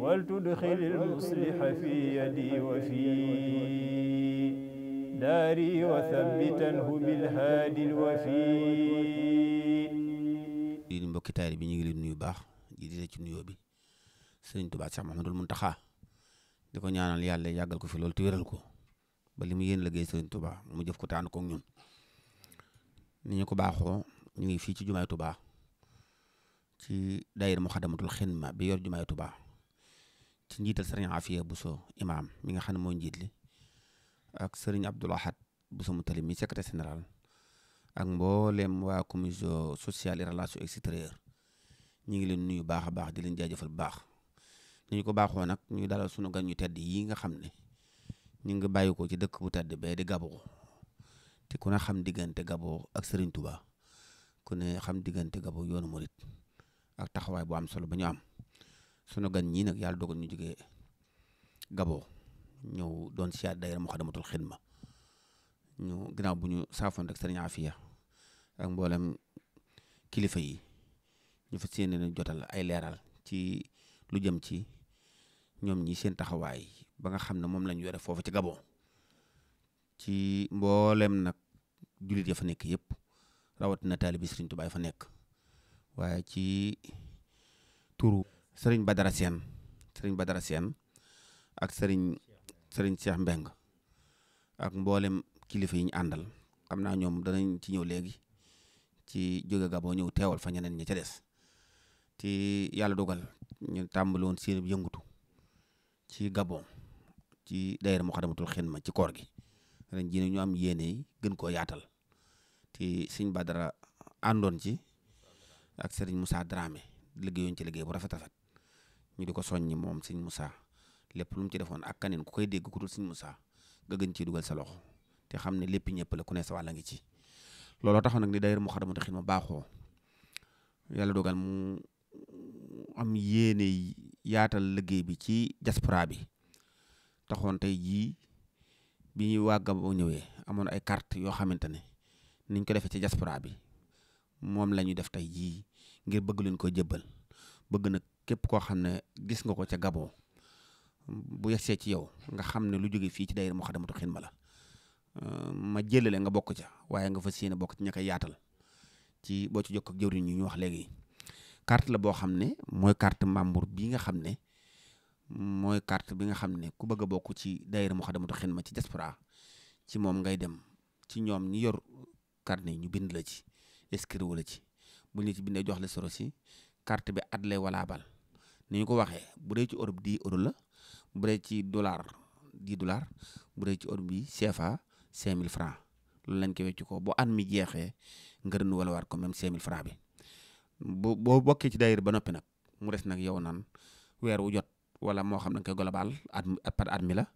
ولتدخل المصلح في يدي وفي داري وثبتنه بالهادي الوفي lii di mbokki taali bi ñu ngi leen nuyu baax di di ci nuyoo bi sëriñ Tuubaa Cheikh Mouhamadoul Mountakha di ko ñaanal yàlla yàggal ko fi loolu te wéral ko ba li mu yéen liggéey sëriñ Tuubaa mu jef ko taan ko ñun ni ñu ko baaxoo ñu ngi fii ci jumaay Tuubaa ci daayira Muxaddamatul Xidma bi yor jumaay Tuubaa ci njiital sëriñ Afiya Bousso imaam mi nga xam ne moo njiit li ak sëriñ Abdoul Ahad Bousso Moutali mi secrétaire général ak mboolem waa commission sociale et relations extérieures ñu ngi leen nuyu baax a baax di leen jaajëfal baax ni ñu ko baaxoo nag ñu dalal sunu gan ñu tedd yii nga xam ne ñu ngi bàyyi ko ci dëkk bu tedd bee di Gabon te ku ne xam diggante Gabon ak sëriñ Touba ku ne xam diggante Gabon yoonu Murit ak taxawaay bu am solo ba ñu am. sunu gan ñii nag yàlla dogal ñu jógee Gabon ñëw doon siyaat daayira Muxaddamatul Xidma ñu ginnaaw bu ñu saafoon rek sëriñ Afiya ak mboolem kilifa yi ñu fas yéene na jotal ay leeral ci lu jëm ci ñoom ñi seen taxawaay ba nga xam ne moom lañu yore foofu ci gabo ci mboolem nag jullit ya fa nekk yëpp rawatina taalibi Sëriñ Tuubaa fa nekk waaye ci turu sëriñ Badara Seen sëriñ Badara Seen ak sëriñ sëriñ Cheikh Mbeng ak mboolem kilifa yi ñu àndal xam naa ñoom danañ ci ñëw léegi ci jóge Gabon ñëw teewal fa ñeneen ñi ca des ci yàlla dogal ñu tàmbali woon seen yëngutu ci Gabon ci daayira Muxaddamatul ma ci koor gi ren jii ñu am yéene gën koo yaatal ci sëñ Badara àndoon ci ak sëriñ Moussa Dramé liggéeyoon ci liggéey bu rafet rafet ñu di ko soññi moom sëñ musa lépp lu mu ci defoon ak kaneen ku koy dégg ku dul sëñ Moussa nga gën ci dugal sa loxo te xam ne lépp ñëpp la ku ne sa wàll ngi ci looloo taxoon nag ni daayira Moukhaddamatoul Khidma baaxoo yàlla dogal mu am yéene yaatal liggéey bi ci diaspora bi taxoon tey jii bi ñuy wàgga boo ñëwee amoon ay carte yoo xamante ne niñ ko defee ci diaspora bi moom lañuy def tey jii ngir bëgg leen ko jëbbal bëgg nag képp koo xam ne gis nga ko ca Gabon bu yegsee ci yow nga xam ne lu jóge fii ci daayira Moukhaddamatoul ma la ma jëlale nga bokk ca waaye nga fas yéene bokk ci ña koy yaatal ci boo ci jokk ak jëwriñ yi ñu wax léegi carte la boo xam ne mooy carte membre bi nga xam ne mooy carte bi nga xam ne ku bëgg a bokk ci daayira Moukhaddamatoul Khidma ci diaspora ci moom ngay dem ci ñoom ñi yor carte yi ñu bind la ci inscrire la ci bu ñu ci bindee jox la soro si carte bi at lay walaabal ni ñu ko waxee bu dee ci Europe di euro la bu ci dollar dix dollar bu dee ci Europe bi CFA cinq mille francs loolu lañ ko wecc ko bu at mi jeexee nga renouvelé waat ko même cinq mille francs bi bu boo bokkee ci daayira ba noppi nag mu des nag yow naan weer wu jot wala moo xam ne koy global at par at mi la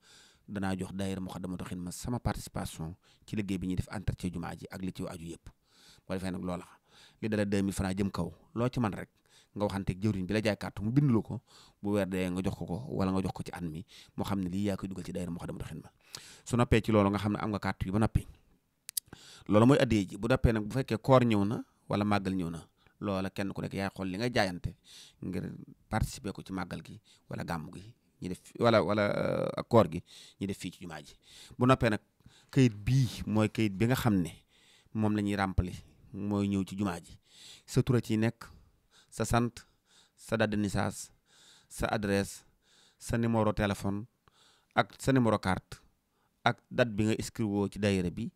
danaa jox daayira Moukhaddamatoul Khidma sama participation ci liggéey bi ñuy def entretien jumaa ji ak li ci yëpp boo defee nag loola li dala deux mille francs jëm kaw loo ci man rek nga waxanteeg jëwriñ bi la jaay carte mu bind ko bu weer nga jox ko ko wala nga jox ko ci at mi moo xam ne lii yaa koy dugal ci daayira Moukhaddamatoul Khidma su noppee ci loolu nga xam ne am nga carte yi ba noppi loolu mooy addee bu noppee nag bu fekkee koor ñëw na wala màggal ñëw na loola kenn ku nekk yaay xool li nga jaayante ngir participer ko ci màggal gi wala gàmm gi ñu def wala wala euh, koor gi ñu def fii ci jumaa ji bu noppee nag kayit bii mooy kayit bi nga xam ne moom la ñuy ràmpali mooy ñëw ci jumaa ji sa tura ci nekk sa sant sa date de sa adresse sa numéro téléphone ak sa numéro carte ak date bi nga inscrit woo ci daayira bi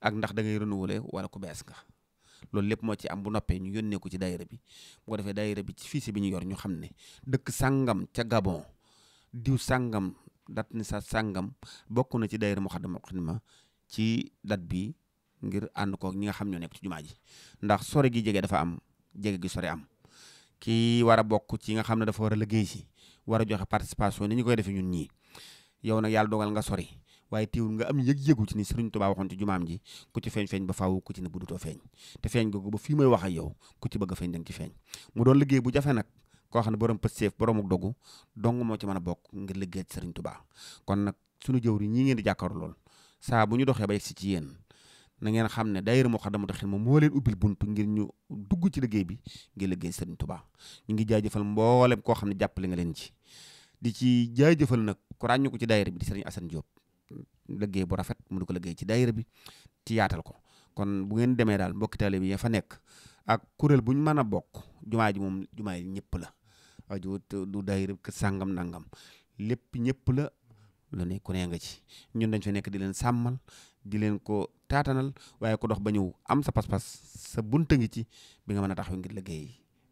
ak ndax da ngay renouveler wala ku bees nga loolu lépp moo ci am bu noppee ñu yónnee ko ci daayira bi bu ko defee daayira bi ci fichier bi ñu yor ñu xam ne dëkk sangam ca Gabon diw sàngam date ni sa sàngam bokk na ci daayira Moukhaddamatoul ma ci date bi ngir ànd ko ñi nga xam ñoo nekk ci jumaa ji ndax sore gi jege dafa am jege gi sore am kii war a bokk ci nga xam ne dafa war a liggéey si war a joxe participation ni ñu koy defee ñun ñii yow nag yàlla dogal nga sori waaye teewul nga am yëg-yëgu ci ni Sëriñ Tuubaa waxoon ci jumaam ji ku ci feeñ-feeñ ba faw ku ci ne budutoo feeñ te feeñ googu ba fii may wax ak yow ku ci bëgg a feeñ da nga ci feeñ mu doon liggéey bu jafe nag ko xam ne borom pësteef boroomu dogu dong moo ci mën a bokk ngir liggéey ci Sëriñ Tuubaa kon nag sunu jëwri ñii ngeen di jàkkaaru lool saa bu ñu doxee ba yegsi ci yéen na ngeen xam ne daayira Moukhaddamatoul Khidma moo leen ubbil buntu ngir ñu dugg ci liggéey bi ngir liggéey Serigne Touba ñu ngi jaajëfal mboolem koo xam ne jàppale leen ci di ci jaajëfal nag ku ràññu ko ci daayira bi di Serigne Assane Diop liggéey bu rafet mu ko liggéey ci daayira bi ci yaatal ko kon bu ngeen demee daal mbokki taalibe bi ya fa nekk ak kuréel bu ñu mën a bokk jumaa ji moom jumaa yi ñëpp la aju du daayira sàngam nangam lépp ñëpp lu ne ku nee nga ci ñun dañ fa nekk di leen sàmmal di leen ko taatanal waaye ko dox ba ñëw am sa pas-pas sa bunta ngi ci bi nga na tax taxaw ngir liggéey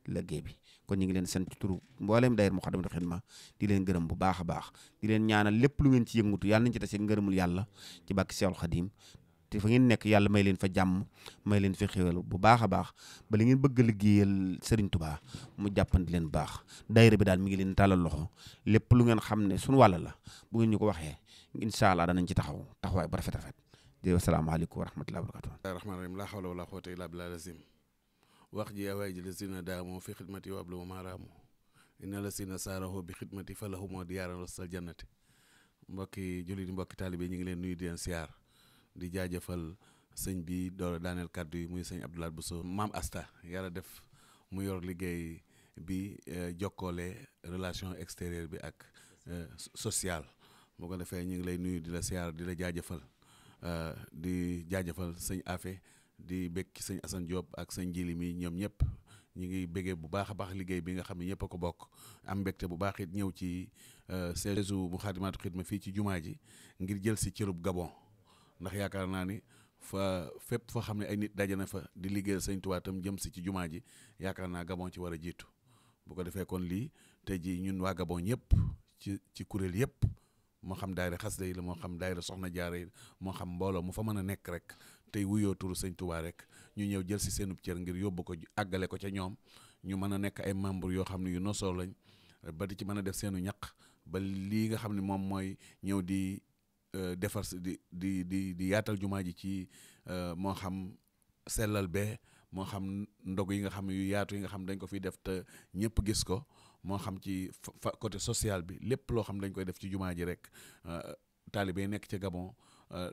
liggéey bi kon ñu ngi leen sant ci turu mbooleem daayir Moukhaddamatoul Khidma di leen gërëm bu baax a baax di leen ñaanal lépp lu ngeen ci yëngutu yàlla nañ ci tase ngërëmul yàlla ci bàkki Seexul Xadiim te fa ngeen nekk yàlla may leen fa jàmm may leen fa xéwal bu baax a baax ba ngeen bëgg a liggéeyal Serigne Touba mu jàppandi leen bu baax daayira bi daal mi ngi leen tàllal loxo lépp lu ngeen xam ne suñu wàll la bu ñu ko waxee incha allah danañ ci taxaw taxawaay bu rafet rafet di wasalaamaaleykum wa rahmatullahi wa barakatuh rahmaan rahim laa hawla wala quwwata illa billahil wax ji awaay ji la sina daamoo fi xidmati wa ablu ma maaraamu inna la sina saaraho bi xidmati fa lahumoo diyaaran wasal jannati mbokki jullit mbokki taalibe ñu ngi leen nuyu di leen siyaar di jaajëfal sëñ bi door daaneel kàddu yi muy sëñ Abdoulaye Bousso maam Asta yara def mu yor liggéey bi euh, jokkoole relation extérieure bi ak euh, sociale boo ko defee ñu ngi lay nuyu di la siyaar di la jaajëfal euh, di jaajëfal sëñ Afe di bég ci sëñ Assane Diop ak sëñ Jili mi ñoom ñëpp ñu ngi béggee bu baax a baax liggéey bi nga xam ne ñëpp a ko bokk am mbégte bu baax it ñëw ci séesu Muxaddamatul ma fii ci jumaa ji ngir jël si cërub Gabon ndax yaakaar naa ni fa fépp foo xam ne ay nit daje na fa di liggéeyal Sëñ Tuubaa tam jëm si ci jumaa ji yaakaar naa Gabon ci war a jiitu bu ko defee kon lii tey jii ñun waa Gabon yëpp ci ci kuréel yëpp moo xam daayira xasida yi la moo xam daayira soxna jaare yi moo xam mbooloo mu fa mën a nekk rek tey wuyoo turu Sëñ Tuubaa rek ñu ñëw jël si seenub cër ngir yóbbu ko àggale ko ca ñoom ñu mën a nekk ay membre yoo xam ne yu nosoo lañ ba di ci mën a def seenu ñaq ba lii nga xam ne moom mooy ñëw di Euh, defar di di di di yaatal jumaa ji ci euh, moo xam sellal bee moo xam ndog yi nga xam yu yaatu yi nga xam dañ ko fiy def te ñëpp gis ko moo xam ci fa côté social bi lépp loo xam dañ koy def ci jumaa ji rek euh, taalibe nekk ca Gabon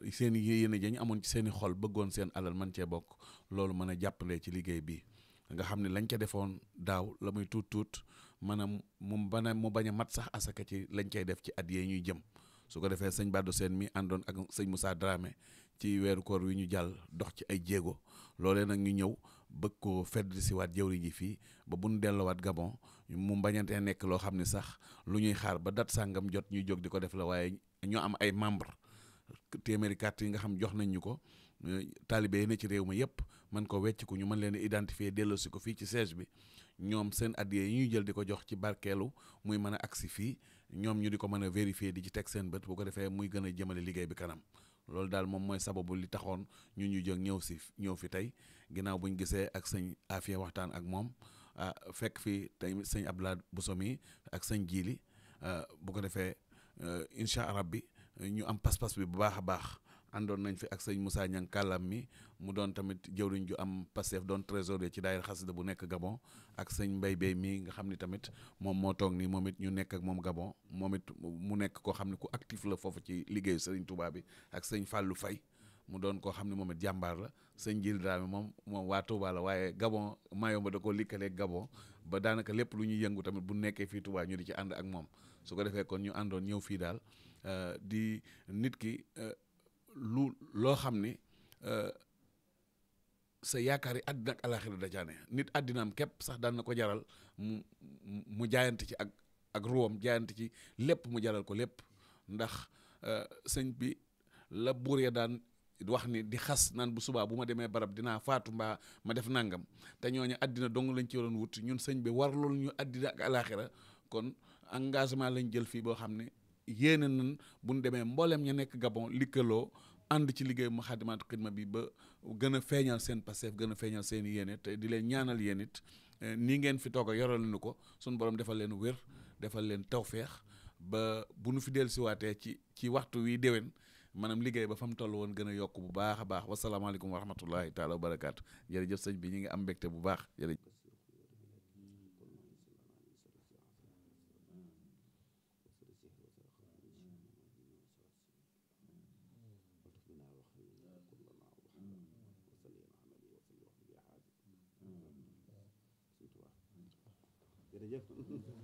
seen yéene ja ñu amoon ci seen i xol bëggoon seen alal man cee bokk loolu mën a jàppale ci liggéey bi nga xam ne lañ ca defoon daaw la muy tuut tuut maanaam mu bana mu bañ a mat sax asaka ci lañ cay def ci at yee ñuy jëm su ko defee sëñ Badou seen mi àndoon ak sëñ Moussa Dramé ci weeru koor wi ñu jàll dox ci ay jéego loolee nag ñu ñëw bëgg ko fedd si waat jëwriñ ji fii ba bu ñu delluwaat Gabon mu mbañantee nekk loo xam ne sax lu ñuy xaar ba dat sàngam jot ñuy jóg di ko def la waaye ñoo am ay membre téeméeri carte yi nga xam jox nañ ñu ko taalibe yi ci réew mi yëpp man ko wecc ku ñu mën leen identifier delloosi ko fii ci siège bi ñoom seen addiya yi ñuy jël di ko jox ci barkeelu muy mën a agsi fii ñoom ñu di ko mën a vérifier di ci teg seen bët bu ko defee muy gën a jëmale liggéey bi kanam loolu daal moom mooy sababu li taxoon ñu ñu jóg ñëw si ñëw fi tey ginnaaw bu ñu gisee ak sëñ Afia waxtaan ak moom ah fekk fi tey sëñ Abdoulaye Bousso mi ak sëñ Jili ah, bu ko defee euh, incha arab bi ñu am pas-pas bi bu baax a baax. àndoon nañ fi ak sëñ Moussa Niang kàllaam mi mu doon tamit jëw jëwriñ ju am Pastef doon trésorier ci daayira xasida bu nekk Gabon ak sëñ Mbay Bey mi nga xam ni tamit moom moo toog nii moom it ñu nekk ak moom Gabon moom it mu nekk koo xam ne ku actif la foofu ci liggéeyu sëriñ Touba bi ak sëñ Fallou Faye mu doon koo xam ne moom it jàmbaar la sëñ Jil Dramé moom moom waa Touba la waaye Gabon Mayomba da koo likkaleeg Gabon ba daanaka lépp lu ñuy yëngu tamit bu nekkee fii Touba ñu di ci ànd ak moom su ko defee kon ñu àndoon ñëw fii daal euh, di nit ki. Euh, lu loo xam ne euh, sa yaakaar yi àddina ak alaxira da caane nit àddinaam képp sax daan na ko jaral mu mu jaayante ci ak ak ruwam jaayante ci lépp mu jaral ko lépp ndax euh, sëñ bi la buur ya daan wax ni di xas naan bu subaa bu ma demee barab dinaa faatu mbaa ma def nangam te ñooñu àddina dong lañ ci waroon wut ñun sëñ bi war loolu ñu àddina ak alaxira kon engagement lañ jël fii boo xam ne yéene nan bu ñu demee mbooleem ña nekk Gabon likkaloo ànd ci liggéey Moukhaddamatoul Khidma bi ba gën a feeñal seen Pastef gën a feeñal seen yéene te di leen ñaanal yéen it eh, nii ngeen fi toog a yoral nu ko suñu borom defal leen wér defal leen feex ba bu nu fi dellusiwaatee ci ci waxtu wi déwén maanaam liggéey ba fa mu toll woon gën a yokk bu baax a baax wasalaamaaleykum wa rahmatullahi taala wa barakaatu jërëjëf sëñ bi ñu ngi am mbégte bu baax jërëjëf. jërëjëf